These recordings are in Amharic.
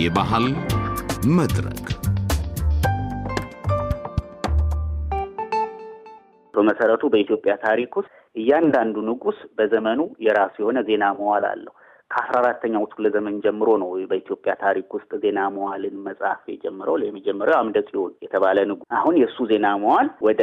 የባህል መድረክ በመሰረቱ በኢትዮጵያ ታሪክ ውስጥ እያንዳንዱ ንጉስ በዘመኑ የራሱ የሆነ ዜና መዋል አለው። ከአስራ አራተኛው ክፍለ ዘመን ጀምሮ ነው በኢትዮጵያ ታሪክ ውስጥ ዜና መዋልን መጽሐፍ የጀምረው። የመጀመሪያው አምደ ጽዮን የተባለ ንጉስ። አሁን የእሱ ዜና መዋል ወደ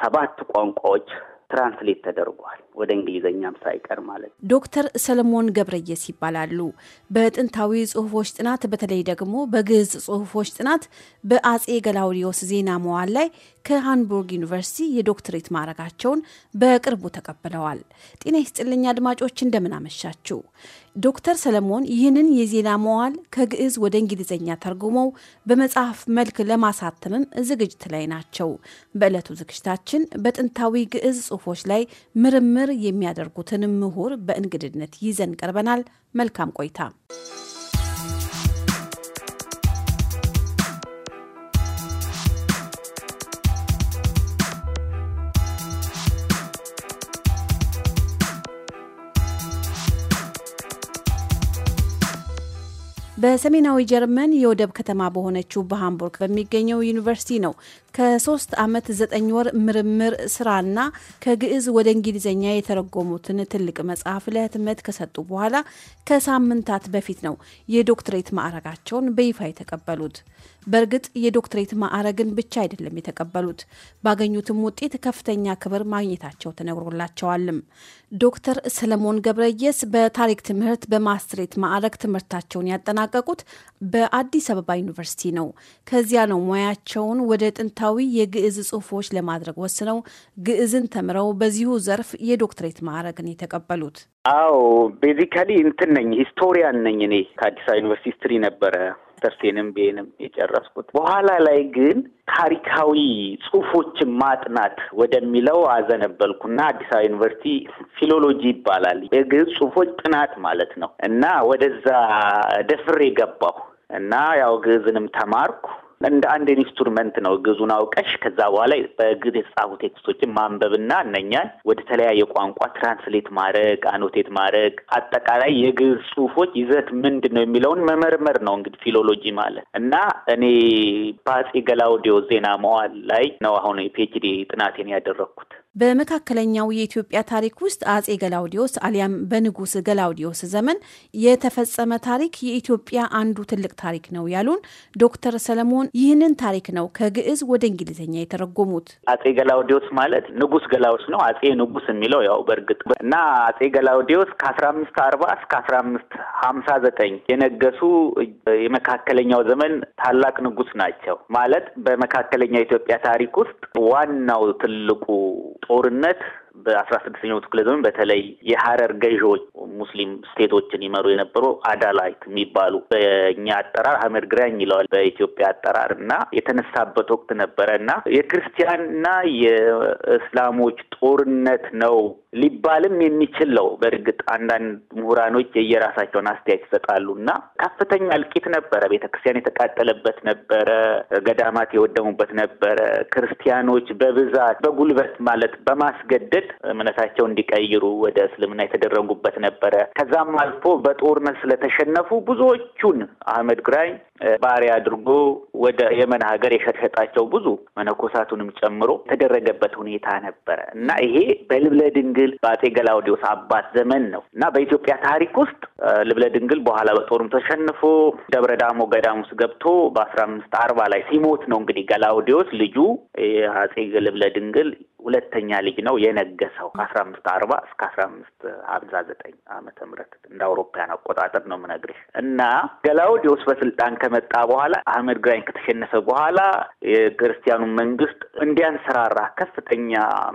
ሰባት ቋንቋዎች ትራንስሌት ተደርጓል ወደ እንግሊዝኛም ሳይቀር ማለት ነው። ዶክተር ሰለሞን ገብረየስ ይባላሉ። በጥንታዊ ጽሁፎች ጥናት በተለይ ደግሞ በግዕዝ ጽሁፎች ጥናት በአጼ ገላውዲዮስ ዜና መዋል ላይ ከሃንቡርግ ዩኒቨርሲቲ የዶክትሬት ማዕረጋቸውን በቅርቡ ተቀብለዋል። ጤና ይስጥልኝ አድማጮች እንደምን አመሻችሁ። ዶክተር ሰለሞን ይህንን የዜና መዋል ከግዕዝ ወደ እንግሊዝኛ ተርጉመው በመጽሐፍ መልክ ለማሳተምም ዝግጅት ላይ ናቸው። በዕለቱ ዝግጅታችን በጥንታዊ ግዕዝ ጽሑፎች ላይ ምርምር የሚያደርጉትን ምሁር በእንግድነት ይዘን ቀርበናል። መልካም ቆይታ። በሰሜናዊ ጀርመን የወደብ ከተማ በሆነችው በሃምቡርግ በሚገኘው ዩኒቨርሲቲ ነው ከሶስት ዓመት ዘጠኝ ወር ምርምር ስራና ከግዕዝ ወደ እንግሊዝኛ የተረጎሙትን ትልቅ መጽሐፍ ለህትመት ከሰጡ በኋላ ከሳምንታት በፊት ነው የዶክትሬት ማዕረጋቸውን በይፋ የተቀበሉት። በእርግጥ የዶክትሬት ማዕረግን ብቻ አይደለም የተቀበሉት፣ ባገኙትም ውጤት ከፍተኛ ክብር ማግኘታቸው ተነግሮላቸዋልም። ዶክተር ሰለሞን ገብረየስ በታሪክ ትምህርት በማስትሬት ማዕረግ ትምህርታቸውን ያጠናቀቁት በአዲስ አበባ ዩኒቨርሲቲ ነው። ከዚያ ነው ሙያቸውን ወደ ጥንታ ጥንታዊ የግዕዝ ጽሑፎች ለማድረግ ወስነው ግዕዝን ተምረው በዚሁ ዘርፍ የዶክትሬት ማዕረግን የተቀበሉት። አዎ ቤዚካሊ እንትን ነኝ፣ ሂስቶሪያን ነኝ እኔ። ከአዲስ አበባ ዩኒቨርሲቲ ሂስትሪ ነበረ ተርሴንም ቤንም የጨረስኩት። በኋላ ላይ ግን ታሪካዊ ጽሁፎችን ማጥናት ወደሚለው አዘነበልኩና አዲስ አበባ ዩኒቨርሲቲ ፊሎሎጂ ይባላል የግዕዝ ጽሁፎች ጥናት ማለት ነው እና ወደዛ ደፍሬ ገባሁ እና ያው ግዕዝንም ተማርኩ። እንደ አንድ ኢንስትሩመንት ነው ግዙን አውቀሽ ከዛ በኋላ በግዝ የተጻፉ ቴክስቶችን ማንበብና እነኛን ወደ ተለያየ ቋንቋ ትራንስሌት ማድረግ፣ አኖቴት ማድረግ፣ አጠቃላይ የግዝ ጽሁፎች ይዘት ምንድን ነው የሚለውን መመርመር ነው እንግዲህ ፊሎሎጂ ማለት እና እኔ በአፄ ገላውዲዮ ዜና መዋል ላይ ነው አሁን የፒኤችዲ ጥናቴን ያደረግኩት። በመካከለኛው የኢትዮጵያ ታሪክ ውስጥ አጼ ገላውዲዮስ አሊያም በንጉስ ገላውዲዮስ ዘመን የተፈጸመ ታሪክ የኢትዮጵያ አንዱ ትልቅ ታሪክ ነው ያሉን ዶክተር ሰለሞን ይህንን ታሪክ ነው ከግዕዝ ወደ እንግሊዝኛ የተረጎሙት። አጼ ገላውዲዮስ ማለት ንጉስ ገላውስ ነው። አጼ ንጉስ የሚለው ያው በእርግጥ እና አጼ ገላውዲዮስ ከአስራ አምስት አርባ እስከ አስራ አምስት ሀምሳ ዘጠኝ የነገሱ የመካከለኛው ዘመን ታላቅ ንጉስ ናቸው ማለት በመካከለኛ ኢትዮጵያ ታሪክ ውስጥ ዋናው ትልቁ ጦርነት በአስራ ስድስተኛው ክፍለ ዘመን በተለይ የሀረር ገዢዎች ሙስሊም ስቴቶችን ይመሩ የነበሩ አዳላይት የሚባሉ በእኛ አጠራር አህመድ ግራኝ ይለዋል በኢትዮጵያ አጠራር እና የተነሳበት ወቅት ነበረ እና የክርስቲያንና የእስላሞች ጦርነት ነው ሊባልም የሚችል ነው። በእርግጥ አንዳንድ ምሁራኖች የየራሳቸውን አስተያየት ይሰጣሉ እና ከፍተኛ እልቂት ነበረ። ቤተክርስቲያን የተቃጠለበት ነበረ። ገዳማት የወደሙበት ነበረ። ክርስቲያኖች በብዛት በጉልበት ማለት በማስገደድ በመዋሸት እምነታቸው እንዲቀይሩ ወደ እስልምና የተደረጉበት ነበረ። ከዛም አልፎ በጦርነት ስለተሸነፉ ብዙዎቹን አህመድ ግራኝ ባሪያ አድርጎ ወደ የመን ሀገር የሸሸጣቸው ብዙ መነኮሳቱንም ጨምሮ የተደረገበት ሁኔታ ነበረ እና ይሄ በልብለ ድንግል በአጼ ገላውዲዮስ አባት ዘመን ነው እና በኢትዮጵያ ታሪክ ውስጥ ልብለ ድንግል በኋላ በጦርም ተሸንፎ ደብረ ዳሞ ገዳም ውስጥ ገብቶ በአስራ አምስት አርባ ላይ ሲሞት ነው እንግዲህ ገላውዲዮስ ልጁ የአጼ ልብለ ድንግል ሁለተኛ ልጅ ነው የነገሰው ከአስራ አምስት አርባ እስከ አስራ አምስት ሀምሳ ዘጠኝ አመተ ምህረት እንደ አውሮፓያን አቆጣጠር ነው ምነግርሽ እና ገላውዲዮስ በስልጣን ከ ከመጣ በኋላ አህመድ ግራኝ ከተሸነፈ በኋላ የክርስቲያኑ መንግስት እንዲያንሰራራ ከፍተኛ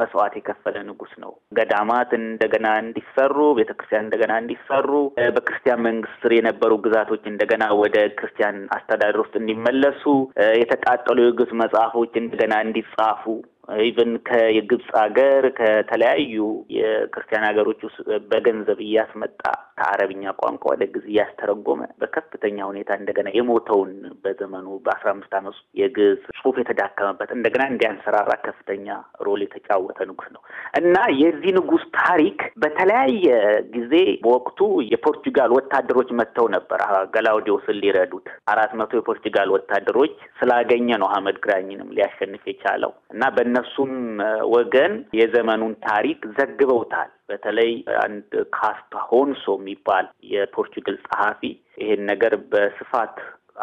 መስዋዕት የከፈለ ንጉስ ነው። ገዳማት እንደገና እንዲሰሩ፣ ቤተክርስቲያን እንደገና እንዲሰሩ፣ በክርስቲያን መንግስት ስር የነበሩ ግዛቶች እንደገና ወደ ክርስቲያን አስተዳደር ውስጥ እንዲመለሱ፣ የተቃጠሉ የግዕዝ መጽሐፎች እንደገና እንዲጻፉ ኢቨን ከግብፅ ሀገር ከተለያዩ የክርስቲያን ሀገሮች ውስጥ በገንዘብ እያስመጣ ከአረብኛ ቋንቋ ወደ ግዕዝ እያስተረጎመ በከፍተኛ ሁኔታ እንደገና የሞተውን በዘመኑ በአስራ አምስት ዓመቱ የግዕዝ ጽሁፍ የተዳከመበት እንደገና እንዲያንሰራራ ከፍተኛ ሮል የተጫወተ ንጉስ ነው እና የዚህ ንጉስ ታሪክ በተለያየ ጊዜ በወቅቱ የፖርቱጋል ወታደሮች መጥተው ነበር ገላውዲዮስን ሊረዱት። አራት መቶ የፖርቱጋል ወታደሮች ስላገኘ ነው አህመድ ግራኝንም ሊያሸንፍ የቻለው እና በነ እነሱም ወገን የዘመኑን ታሪክ ዘግበውታል። በተለይ አንድ ካስታ ሆንሶ የሚባል የፖርቹጋል ጸሐፊ ይሄን ነገር በስፋት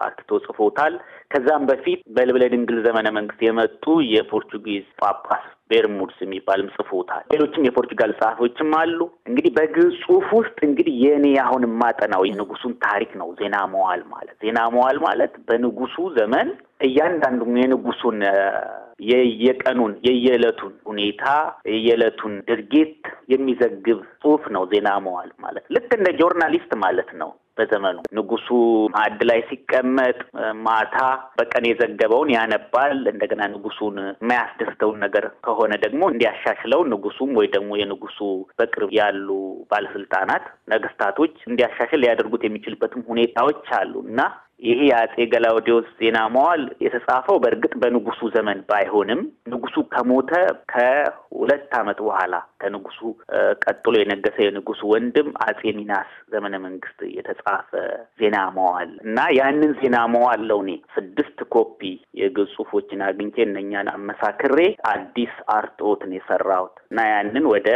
አትቶ ጽፎታል። ከዛም በፊት በልብለ ድንግል ዘመነ መንግስት የመጡ የፖርቹጊዝ ጳጳስ ቤርሙድስ የሚባልም ጽፎታል። ሌሎችም የፖርቹጋል ጸሐፊዎችም አሉ። እንግዲህ በግዕዝ ውስጥ እንግዲህ የእኔ አሁን የማጠናው የንጉሱን ታሪክ ነው። ዜና መዋል ማለት ዜና መዋል ማለት በንጉሱ ዘመን እያንዳንዱ የንጉሱን የየቀኑን የየዕለቱን ሁኔታ የየዕለቱን ድርጊት የሚዘግብ ጽሁፍ ነው ዜና መዋል ማለት ልክ እንደ ጆርናሊስት ማለት ነው። በዘመኑ ንጉሱ ማዕድ ላይ ሲቀመጥ ማታ በቀን የዘገበውን ያነባል። እንደገና ንጉሱን የማያስደስተውን ነገር ከሆነ ደግሞ እንዲያሻሽለው ንጉሱም ወይ ደግሞ የንጉሱ በቅርብ ያሉ ባለስልጣናት፣ ነገስታቶች እንዲያሻሽል ሊያደርጉት የሚችልበትም ሁኔታዎች አሉ እና ይሄ የአጼ ገላውዴዎስ ዜና መዋል የተጻፈው በእርግጥ በንጉሱ ዘመን ባይሆንም ንጉሱ ከሞተ ከሁለት ዓመት በኋላ ከንጉሱ ቀጥሎ የነገሰ የንጉሱ ወንድም አጼ ሚናስ ዘመነ መንግስት የተጻፈ ዜና መዋል እና ያንን ዜና መዋዕል ለውኔ ስድስት ኮፒ የግዕዝ ጽሁፎችን አግኝቼ እነኛን አመሳክሬ አዲስ አርትኦትን የሰራሁት እና ያንን ወደ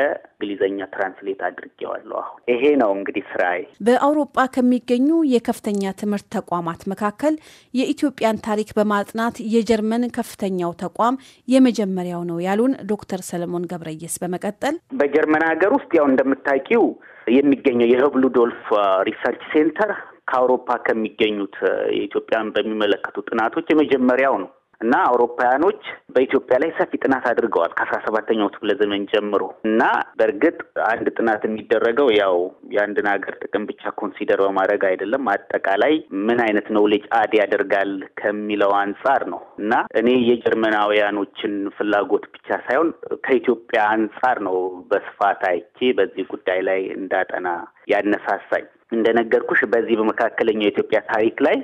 እንግሊዝኛ ትራንስሌት አድርጌዋለሁ። አሁን ይሄ ነው እንግዲህ ስራዬ። በአውሮጳ ከሚገኙ የከፍተኛ ትምህርት ተቋማት ተቋማት መካከል የኢትዮጵያን ታሪክ በማጥናት የጀርመን ከፍተኛው ተቋም የመጀመሪያው ነው ያሉን ዶክተር ሰለሞን ገብረየስ በመቀጠል በጀርመን ሀገር ውስጥ ያው እንደምታውቂው የሚገኘው የህብሉ ሪሰርች ሴንተር ከአውሮፓ ከሚገኙት የኢትዮጵያን በሚመለከቱ ጥናቶች የመጀመሪያው ነው። እና አውሮፓውያኖች በኢትዮጵያ ላይ ሰፊ ጥናት አድርገዋል ከአስራ ሰባተኛው ክፍለ ዘመን ጀምሮ እና በእርግጥ አንድ ጥናት የሚደረገው ያው የአንድን ሀገር ጥቅም ብቻ ኮንሲደር በማድረግ አይደለም። አጠቃላይ ምን አይነት ልጅ አድ ያደርጋል ከሚለው አንጻር ነው እና እኔ የጀርመናውያኖችን ፍላጎት ብቻ ሳይሆን ከኢትዮጵያ አንጻር ነው በስፋት አይቼ በዚህ ጉዳይ ላይ እንዳጠና ያነሳሳኝ። እንደነገርኩሽ በዚህ በመካከለኛው የኢትዮጵያ ታሪክ ላይ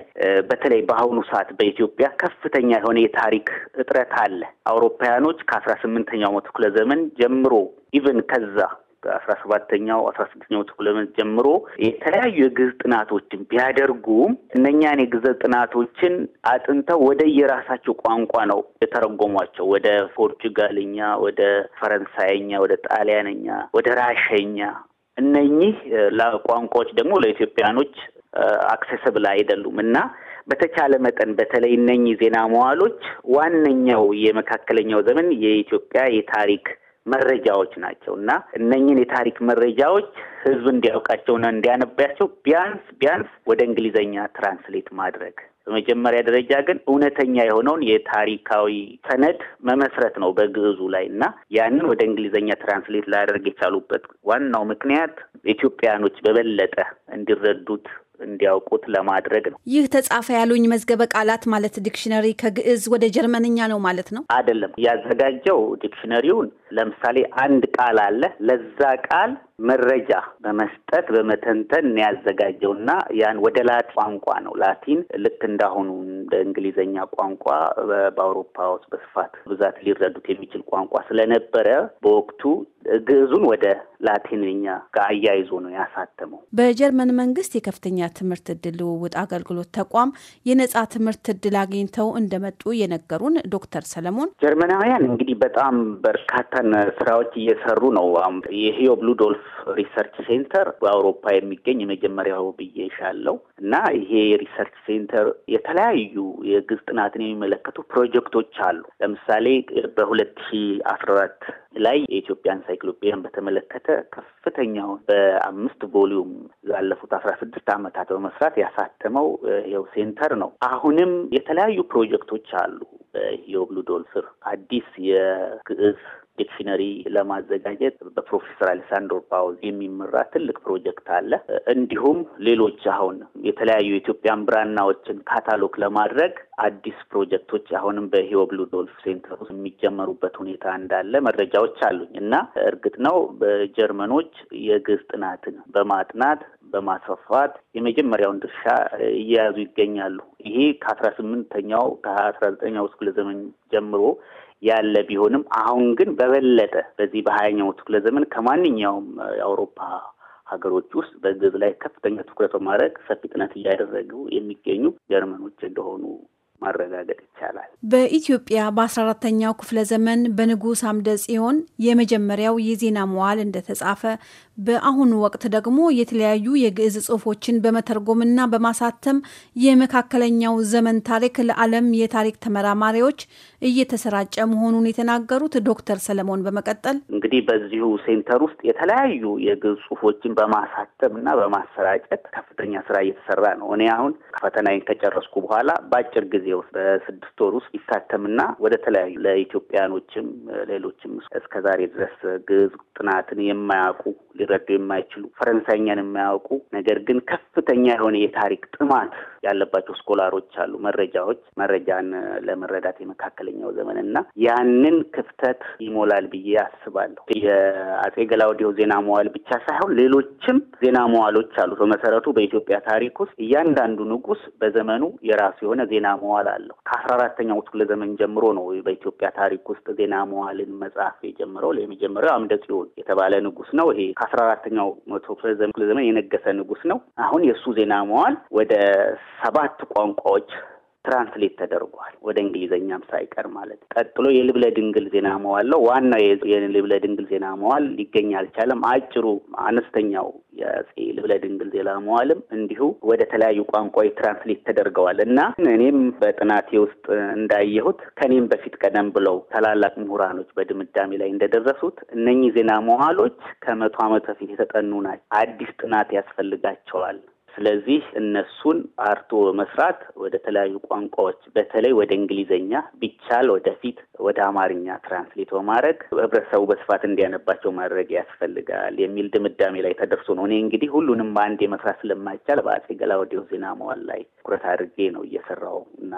በተለይ በአሁኑ ሰዓት በኢትዮጵያ ከፍተኛ የሆነ የታሪክ እጥረት አለ። አውሮፓውያኖች ከአስራ ስምንተኛው መቶ ክፍለ ዘመን ጀምሮ ኢቨን ከዛ ከአስራ ሰባተኛው አስራ ስድስተኛው መቶ ክፍለ ዘመን ጀምሮ የተለያዩ የግዕዝ ጥናቶችን ቢያደርጉም እነኛን የግዕዝ ጥናቶችን አጥንተው ወደ የራሳቸው ቋንቋ ነው የተረጎሟቸው። ወደ ፖርቹጋልኛ፣ ወደ ፈረንሳይኛ፣ ወደ ጣሊያንኛ፣ ወደ ራሸኛ እነኚህ ቋንቋዎች ደግሞ ለኢትዮጵያኖች አክሴስብል አይደሉም እና በተቻለ መጠን በተለይ እነኚህ ዜና መዋሎች ዋነኛው የመካከለኛው ዘመን የኢትዮጵያ የታሪክ መረጃዎች ናቸው እና እነኝን የታሪክ መረጃዎች ህዝብ እንዲያውቃቸውና እንዲያነባቸው ቢያንስ ቢያንስ ወደ እንግሊዘኛ ትራንስሌት ማድረግ በመጀመሪያ ደረጃ ግን እውነተኛ የሆነውን የታሪካዊ ሰነድ መመስረት ነው በግዕዙ ላይ እና ያንን ወደ እንግሊዘኛ ትራንስሌት ላደርግ የቻሉበት ዋናው ምክንያት ኢትዮጵያኖች በበለጠ እንዲረዱት እንዲያውቁት ለማድረግ ነው። ይህ ተጻፈ ያሉኝ መዝገበ ቃላት ማለት ዲክሽነሪ ከግዕዝ ወደ ጀርመንኛ ነው ማለት ነው አይደለም? ያዘጋጀው ዲክሽነሪውን ለምሳሌ አንድ ቃል አለ። ለዛ ቃል መረጃ በመስጠት በመተንተን ያዘጋጀው እና ያን ወደ ላት ቋንቋ ነው። ላቲን ልክ እንዳሁኑ እንደ እንግሊዘኛ ቋንቋ በአውሮፓ ውስጥ በስፋት ብዛት ሊረዱት የሚችል ቋንቋ ስለነበረ በወቅቱ ግዕዙን ወደ ላቲንኛ ጋር አያይዞ ነው ያሳተመው። በጀርመን መንግስት የከፍተኛ ትምህርት እድል ልውውጥ አገልግሎት ተቋም የነጻ ትምህርት እድል አግኝተው እንደመጡ የነገሩን ዶክተር ሰለሞን ጀርመናውያን እንግዲህ በጣም በርካታ ስራዎች እየሰሩ ነው። የሂዮብ ብሉዶልፍ ሪሰርች ሴንተር በአውሮፓ የሚገኝ የመጀመሪያው ብዬሻለሁ እና ይሄ ሪሰርች ሴንተር የተለያዩ የግዝ ጥናትን የሚመለከቱ ፕሮጀክቶች አሉ። ለምሳሌ በሁለት ሺ አስራ አራት ላይ የኢትዮጵያ ኢንሳይክሎፒያን በተመለከተ ከፍተኛው በአምስት ቮሊዩም ላለፉት አስራ ስድስት ዓመታት በመስራት ያሳተመው ይኸው ሴንተር ነው። አሁንም የተለያዩ ፕሮጀክቶች አሉ በዮብ አዲስ የግዕዝ ዲክሽነሪ ለማዘጋጀት በፕሮፌሰር አሌሳንድሮ ፓውዝ የሚመራ ትልቅ ፕሮጀክት አለ። እንዲሁም ሌሎች አሁን የተለያዩ የኢትዮጵያን ብራናዎችን ካታሎግ ለማድረግ አዲስ ፕሮጀክቶች አሁንም በሂዮብ ሉዶልፍ ሴንተር ውስጥ የሚጀመሩበት ሁኔታ እንዳለ መረጃዎች አሉኝ እና እርግጥ ነው በጀርመኖች የግዕዝ ጥናትን በማጥናት በማስፋፋት የመጀመሪያውን ድርሻ እየያዙ ይገኛሉ። ይሄ ከአስራ ስምንተኛው ከአስራ ዘጠነኛው ክፍለ ዘመን ጀምሮ ያለ ቢሆንም አሁን ግን በበለጠ በዚህ በሀያኛው ክፍለ ዘመን ከማንኛውም የአውሮፓ ሀገሮች ውስጥ በግዕዝ ላይ ከፍተኛ ትኩረት በማድረግ ሰፊ ጥናት እያደረጉ የሚገኙ ጀርመኖች እንደሆኑ ማረጋገጥ ይቻላል። በኢትዮጵያ በአስራ አራተኛው ክፍለ ዘመን በንጉሥ አምደ ጽዮን የመጀመሪያው የዜና መዋል እንደተጻፈ በአሁኑ ወቅት ደግሞ የተለያዩ የግዕዝ ጽሁፎችን በመተርጎምና በማሳተም የመካከለኛው ዘመን ታሪክ ለዓለም የታሪክ ተመራማሪዎች እየተሰራጨ መሆኑን የተናገሩት ዶክተር ሰለሞን በመቀጠል እንግዲህ በዚሁ ሴንተር ውስጥ የተለያዩ የግዕዝ ጽሁፎችን በማሳተም እና በማሰራጨት ከፍተኛ ስራ እየተሰራ ነው። እኔ አሁን ፈተናዬን ከጨረስኩ በኋላ በአጭር ጊዜ ውስጥ በስድስት ወር ውስጥ ይታተምና ወደ ተለያዩ ለኢትዮጵያኖችም ሌሎችም እስከዛሬ ድረስ ግዕዝ ጥናትን የማያውቁ ሊረዱ የማይችሉ ፈረንሳይኛን የማያውቁ ነገር ግን ከፍተኛ የሆነ የታሪክ ጥማት ያለባቸው ስኮላሮች አሉ። መረጃዎች መረጃን ለመረዳት የመካከለኛው ዘመን እና ያንን ክፍተት ይሞላል ብዬ አስባለሁ። የአጼ ገላውዴው ዜና መዋል ብቻ ሳይሆን ሌሎችም ዜና መዋሎች አሉ። በመሰረቱ በኢትዮጵያ ታሪክ ውስጥ እያንዳንዱ ንጉስ በዘመኑ የራሱ የሆነ ዜና መዋል አለው። ከአስራ አራተኛው ክፍለ ዘመን ጀምሮ ነው በኢትዮጵያ ታሪክ ውስጥ ዜና መዋልን መጽሐፍ የጀምረው። የመጀመሪያው አምደ ጽዮን የተባለ ንጉስ ነው። ይሄ ከአስራ አስራ አራተኛው መቶ ክፍለ ዘመን የነገሰ ንጉስ ነው። አሁን የእሱ ዜና መዋል ወደ ሰባት ቋንቋዎች ትራንስሌት ተደርጓል ወደ እንግሊዝኛም ሳይቀር ማለት ቀጥሎ የልብለ ድንግል ዜና መዋል ነው ዋናው የልብለ ድንግል ዜና መዋል ሊገኝ አልቻለም። አጭሩ አነስተኛው የአፄ ልብለ ድንግል ዜና መዋልም እንዲሁ ወደ ተለያዩ ቋንቋዎች ትራንስሌት ተደርገዋል እና እኔም በጥናቴ ውስጥ እንዳየሁት ከኔም በፊት ቀደም ብለው ታላላቅ ምሁራኖች በድምዳሜ ላይ እንደደረሱት እነኚህ ዜና መዋሎች ከመቶ ዓመት በፊት የተጠኑ ናቸው። አዲስ ጥናት ያስፈልጋቸዋል። ስለዚህ እነሱን አርቶ መስራት ወደ ተለያዩ ቋንቋዎች በተለይ ወደ እንግሊዝኛ ቢቻል ወደፊት ወደ አማርኛ ትራንስሌት በማድረግ ህብረተሰቡ በስፋት እንዲያነባቸው ማድረግ ያስፈልጋል የሚል ድምዳሜ ላይ ተደርሶ ነው። እኔ እንግዲህ ሁሉንም በአንዴ የመስራት ስለማይቻል በአጼ ገላውዴዎስ ዜና መዋል ላይ ትኩረት አድርጌ ነው እየሰራው እና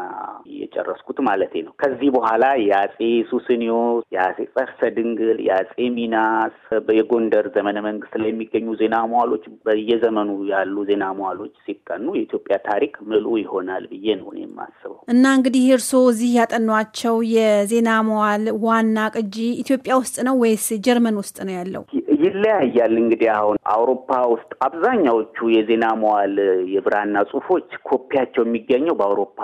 እየጨረስኩት ማለት ነው። ከዚህ በኋላ የአጼ ሱስንዮስ፣ የአጼ ፈርሰ ድንግል፣ የአጼ ሚናስ የጎንደር ዘመነ መንግስት ላይ የሚገኙ ዜና መዋሎች በየዘመኑ ያሉ ዜና መዋል ማኗሎች ሲጠኑ የኢትዮጵያ ታሪክ ምሉ ይሆናል ብዬ ነው እኔ የማስበው። እና እንግዲህ እርስዎ እዚህ ያጠኗቸው የዜና መዋል ዋና ቅጂ ኢትዮጵያ ውስጥ ነው ወይስ ጀርመን ውስጥ ነው ያለው? ይለያያል። እንግዲህ አሁን አውሮፓ ውስጥ አብዛኛዎቹ የዜና መዋል የብራና ጽሁፎች ኮፒያቸው የሚገኘው በአውሮፓ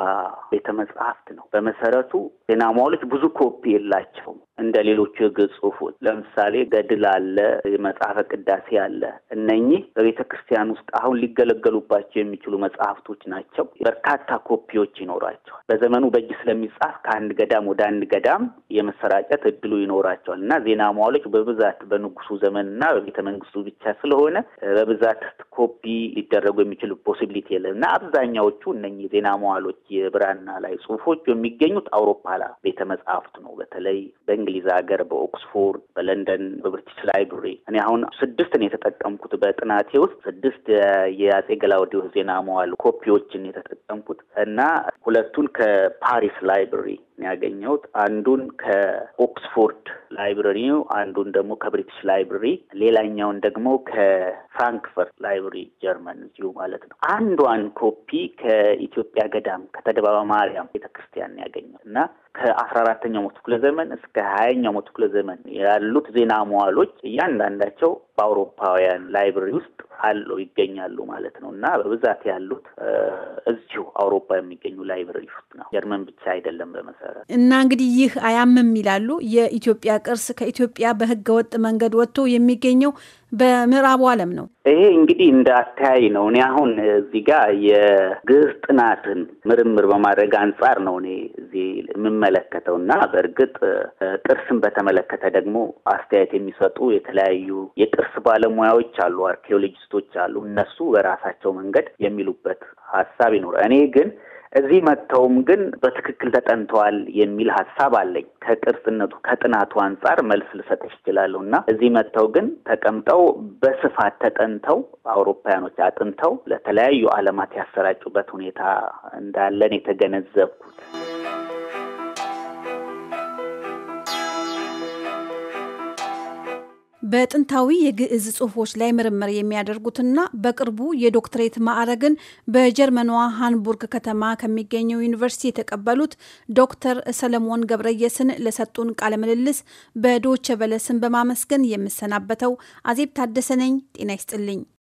ቤተ መጽሐፍት ነው። በመሰረቱ ዜና መዋሎች ብዙ ኮፒ የላቸውም። እንደ ሌሎቹ ህግ ጽሁፎች ለምሳሌ ገድል አለ፣ የመጽሐፈ ቅዳሴ አለ። እነኚህ በቤተ ክርስቲያን ውስጥ አሁን ሊገለገሉባቸው የሚችሉ መጽሐፍቶች ናቸው። በርካታ ኮፒዎች ይኖራቸዋል። በዘመኑ በእጅ ስለሚጻፍ ከአንድ ገዳም ወደ አንድ ገዳም የመሰራጨት እድሉ ይኖራቸዋል እና ዜና መዋሎች በብዛት በንጉሱ ዘመን እና በቤተ መንግስቱ ብቻ ስለሆነ በብዛት ኮፒ ሊደረጉ የሚችሉ ፖሲቢሊቲ የለም እና አብዛኛዎቹ እነኚህ ዜና መዋዕሎች የብራና ላይ ጽሁፎች የሚገኙት አውሮፓ ቤተ መጽሐፍት ነው በተለይ በእንግሊዝ ሀገር፣ በኦክስፎርድ፣ በለንደን፣ በብሪቲሽ ላይብረሪ እኔ አሁን ስድስትን የተጠቀምኩት በጥናቴ ውስጥ ስድስት የአጼ ገላውዴዎስ ዜና መዋል ኮፒዎችን የተጠቀምኩት እና ሁለቱን ከፓሪስ ላይብረሪ ያገኘሁት አንዱን ከኦክስፎርድ ላይብረሪ፣ አንዱን ደግሞ ከብሪቲሽ ላይብሪ ሌላኛውን ደግሞ ከፍራንክፈርት ላይብረሪ ጀርመን እዚሁ ማለት ነው። አንዷን ኮፒ ከኢትዮጵያ ገዳም ከተደባባ ማርያም ቤተክርስቲያን ያገኘሁት እና ከአስራ አራተኛው መቶ ክፍለ ዘመን እስከ ሀያኛው መቶ ክፍለ ዘመን ያሉት ዜና መዋሎች እያንዳንዳቸው በአውሮፓውያን ላይብረሪ ውስጥ አለው ይገኛሉ ማለት ነው እና በብዛት ያሉት እዚሁ አውሮፓ የሚገኙ ላይብረሪ ውስጥ ነው። ጀርመን ብቻ አይደለም በመሰረት እና እንግዲህ ይህ አያምም ይላሉ። የኢትዮጵያ ቅርስ ከኢትዮጵያ በህገ ወጥ መንገድ ወጥቶ የሚገኘው በምዕራቡ ዓለም ነው። ይሄ እንግዲህ እንደ አተያይ ነው። እኔ አሁን እዚህ ጋር የግዕዝ ጥናትን ምርምር በማድረግ አንጻር ነው እኔ እዚህ የሚመለከተው እና በእርግጥ ቅርስን በተመለከተ ደግሞ አስተያየት የሚሰጡ የተለያዩ የቅርስ ባለሙያዎች አሉ፣ አርኪኦሎጂስቶች አሉ። እነሱ በራሳቸው መንገድ የሚሉበት ሀሳብ ይኖራል። እኔ ግን እዚህ መጥተውም ግን በትክክል ተጠንተዋል የሚል ሀሳብ አለኝ። ከቅርስነቱ ከጥናቱ አንጻር መልስ ልሰጥሽ እችላለሁ እና እዚህ መጥተው ግን ተቀምጠው በስፋት ተጠንተው አውሮፓውያኖች አጥንተው ለተለያዩ ዓለማት ያሰራጩበት ሁኔታ እንዳለን የተገነዘብኩት በጥንታዊ የግዕዝ ጽሑፎች ላይ ምርምር የሚያደርጉትና በቅርቡ የዶክትሬት ማዕረግን በጀርመኗ ሃንቡርግ ከተማ ከሚገኘው ዩኒቨርሲቲ የተቀበሉት ዶክተር ሰለሞን ገብረየስን ለሰጡን ቃለ ምልልስ በዶቸ በለስን በማመስገን የምሰናበተው አዜብ ታደሰ ነኝ። ጤና ይስጥልኝ።